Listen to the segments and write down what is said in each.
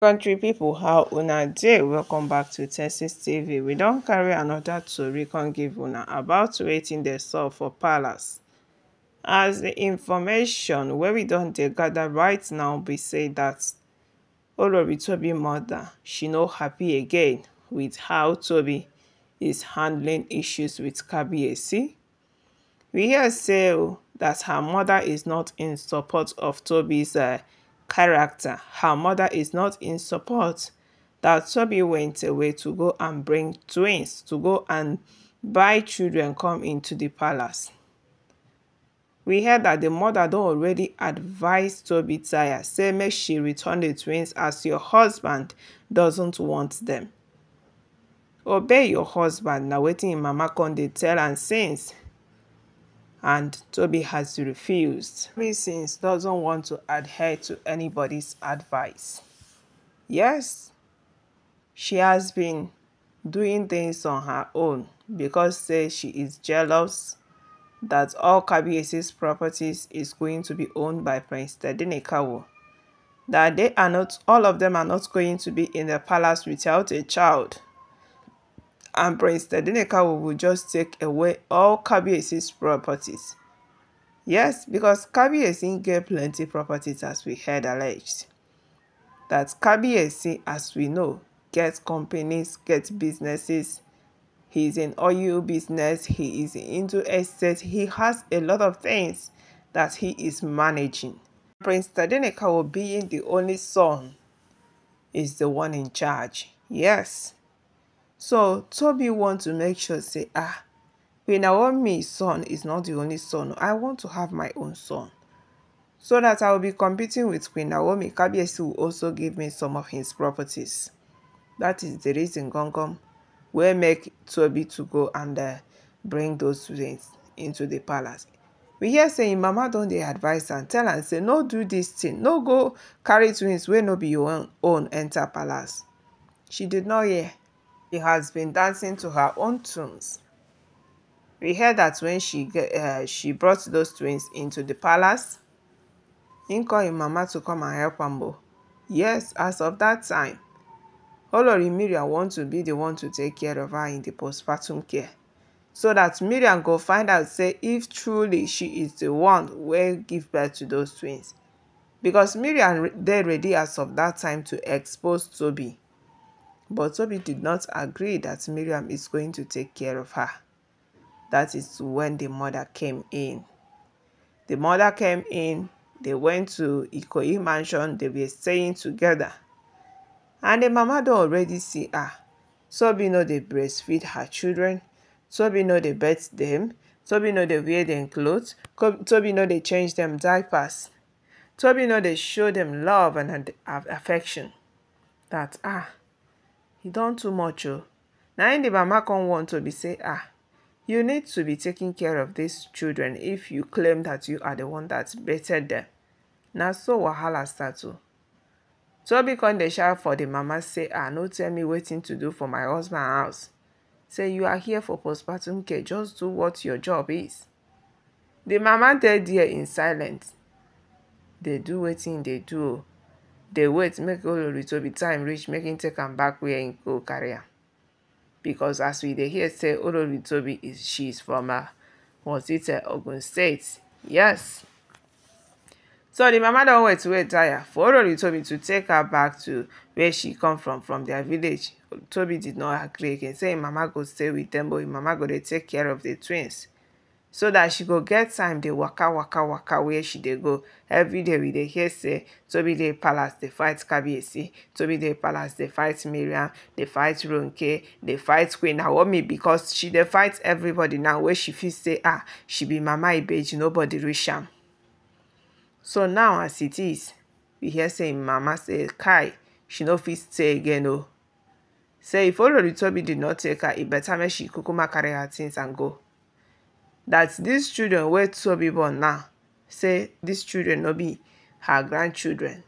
country people, how una dey welcome back to texas tv we don't carry another tori come give una about waiting dey soul for palace as the information where we don't gather right now we say that olori tobi mother she no happy again with how Toby is handling issues with kabiyesi we hear say that her mother is not in support of tobi's uh, character, her mother is not in support, that Toby went away to go and bring twins, to go and buy children come into the palace. We heard that the mother don't already advise Toby Taya, say make she return the twins as your husband doesn't want them. Obey your husband, now waiting in Mama Conde tell and since and Toby has refused. Reasons doesn't want to adhere to anybody's advice. Yes, she has been doing things on her own because say she is jealous that all Kabiese's properties is going to be owned by Prince Tedinekawo. That they are not all of them are not going to be in the palace without a child and Prince Tedenekawo will just take away all Kabiesi's properties. Yes, because Kabiesi get plenty properties as we had alleged. That Kabiesi, as we know, gets companies, gets businesses. He is in oil business, he is into estate, he has a lot of things that he is managing. Prince Tadenekawo being the only son is the one in charge. Yes, so toby want to make sure say ah queen naomi's son is not the only son i want to have my own son so that i will be competing with queen naomi kabiyesi will also give me some of his properties that is the reason gongom will make toby to go and uh, bring those things into the palace we hear say Mama don't they advise and tell and say no do this thing, no go carry twins will no be your own enter palace she did not hear he has been dancing to her own tunes. We heard that when she, uh, she brought those twins into the palace, in calling Mama to come and help Ambo. Yes, as of that time, Olori Miriam wants to be the one to take care of her in the postpartum care. So that Miriam go find out, say, if truly she is the one will give birth to those twins. Because Miriam they ready as of that time to expose Toby. But Toby did not agree that Miriam is going to take care of her. That is when the mother came in. The mother came in, they went to Ikoyi mansion, they were staying together. And the mama don already see her. Toby know they breastfeed her children. Toby know they birth them. Toby know they wear them clothes. Toby know they change them diapers. Toby know they show them love and affection. That ah, e don too much o na im the mama come to be say ah you need to be taking care of these children if you claim that you are the one that birthed them na so wahala start o oh. tobi come dey shout for the mama say ah no tell me wetin to do for my husband house say you are here for postpartum care just do what your job is the mama dey there in silence dey do wetin im dey do o oh dey wait make olori tobi time reach make him take am back where him go carry am becos as we dey hear say olori tobi is she is from wasita uh, ogun state yes so the mama don't wait ah, to wait tire for olori tobi to take her back to where she come from from their village tobi did not agree again say mama go stay with them but mama go dey take care of the twins so that she go get time dey waka waka waka where she dey go day we dey hear say tobide palace dey fight kabiyesi tobide palace dey fight miriam dey fight ronke dey fight queen naomi because she dey fight everybody now wey she feel say ah she be mama ibeji nobody reach am so now as it is we hear say im mama say kai she no fit stay again o oh. say if olori tobide not take her e better make she kukuma carry her things and go that these children were tobi born now say these children will be her grandchildren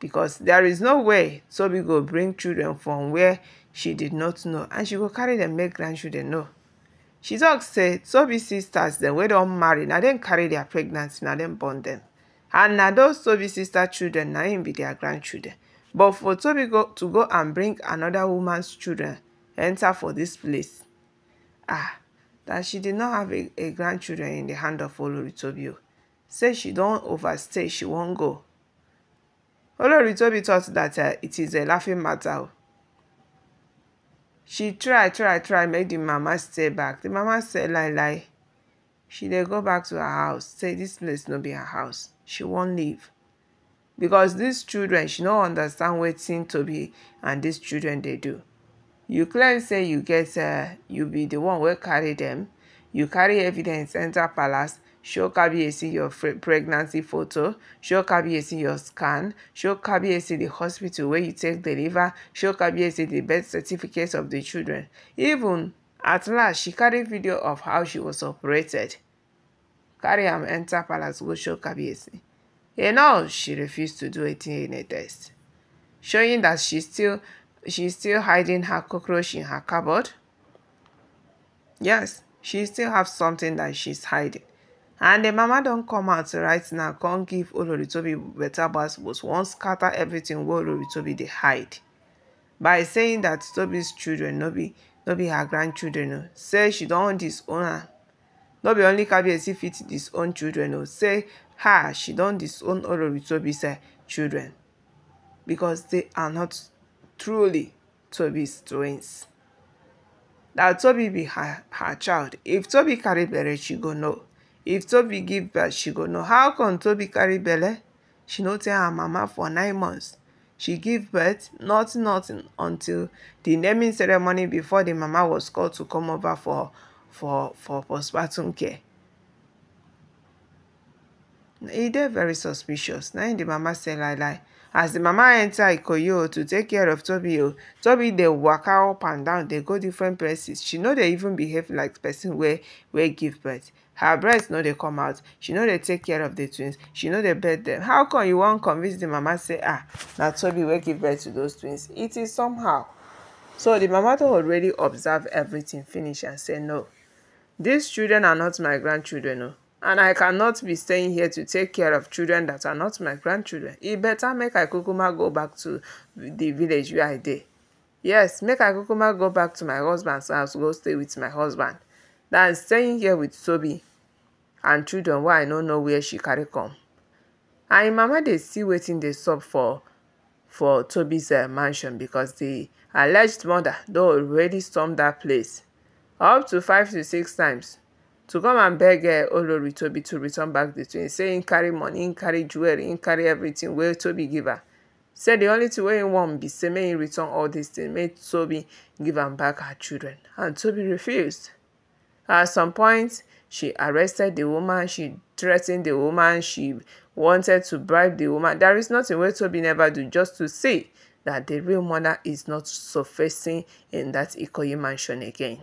because there is no way tobi go bring children from where she did not know and she will carry them make grandchildren know she talks say tobi sisters dem don't marry na then carry their pregnancy na then born them, and now those tobi sister children now im be their grandchildren but for tobi to go and bring another woman's children enter for this place ah that she did not have a, a grandchildren in the hand of Oloritobi, Say she don't overstay, she won't go. Oluritobio thought that uh, it is a laughing matter. She try, try, try, make the mama stay back. The mama said, lie, lie. She then go back to her house, say this place not be her house. She won't leave. Because these children, she not understand to be and these children they do. you claim say you get uh, you be the one wey carry dem you carry evidence enter palace show kabiyesi your pregnancy photo show kabiyesi your scan show kabiyesi the hospital wey you take deliver show kabiyesi the birth certificates of the children even at last she carry video of how she was operated carry am enter palace go show kabiyesi you know she refuse to do a dna test showing that she still she's still hiding her cockroach in her cupboard? Yes, she still have something that she's hiding. And the mama don't come out right now, Can't give Oloritobi better but won't scatter everything where Oloritobi they hide. By saying that Tobi's children no be no be her grandchildren o, say she don disown her. No be only as if it's his own children o, say her she don disown Oloritobi's eh, children because they are not truly Toby's twins. That Toby be her, her child. If Toby carry belle, she go know. If Toby give birth, she go know. How come Toby carry belle? She no tell her mama for nine months. She give birth, not nothing until the naming ceremony before the mama was called to come over for for for postpartum care. e dey very suspicious Now, im the mama say lie lie as the mama enta ikoyi oh, to take care of Toby, oh, Toby they walk up and down they go different places she know they even behave like person where where give birth her breasts know they come out she know they take care of the twins she know they bed them. how come you wan convince the mama say ah na Toby will give birth to those twins it is somehow so the mama to already observe everything finish and say no these children are not my grandchildren o oh and i cannot be staying here to take care of children that are not my grandchildren It better make i kukuma go back to the village where i dey yes make i kukuma go back to my husband's house go stay with my husband than staying here with tobi and children where i don't know where she carry come and mama they see waiting they sub for for Toby's uh, mansion because the alleged mother though already stormed that place up to five to six times to come and beg uh, olori Toby, to return back the twins saying carry money him carry jewelry him carry everything where Toby give her Said the only thing wey him want be say make him return all these things make Toby give am back her children and Toby refused at some point she arrested the woman she threatened the woman she wanted to bribe the woman there is nothing where Toby never do just to see that the real mother is not surfacing in that ikoyi mansion again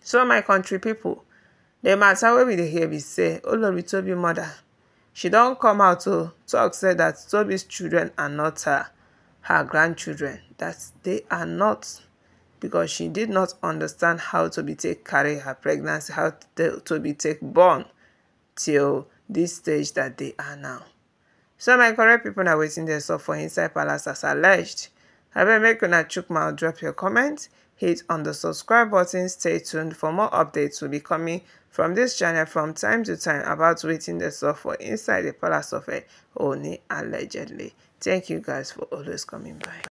so my country people the matter wey we dey hear be say olori oh mother she don come out to oh, tok say that toby's children are not her her grandchildren That they are not because she did not understand how toby take carry her pregnancy how toby take born till this stage that they are now so my correct people na wetin dey sup for inside palace as alleged abeg make una chook mouth drop your comment hit on the subscribe button. Stay tuned for more updates will be coming from this channel from time to time about waiting the software inside the palace of only allegedly. Thank you guys for always coming by.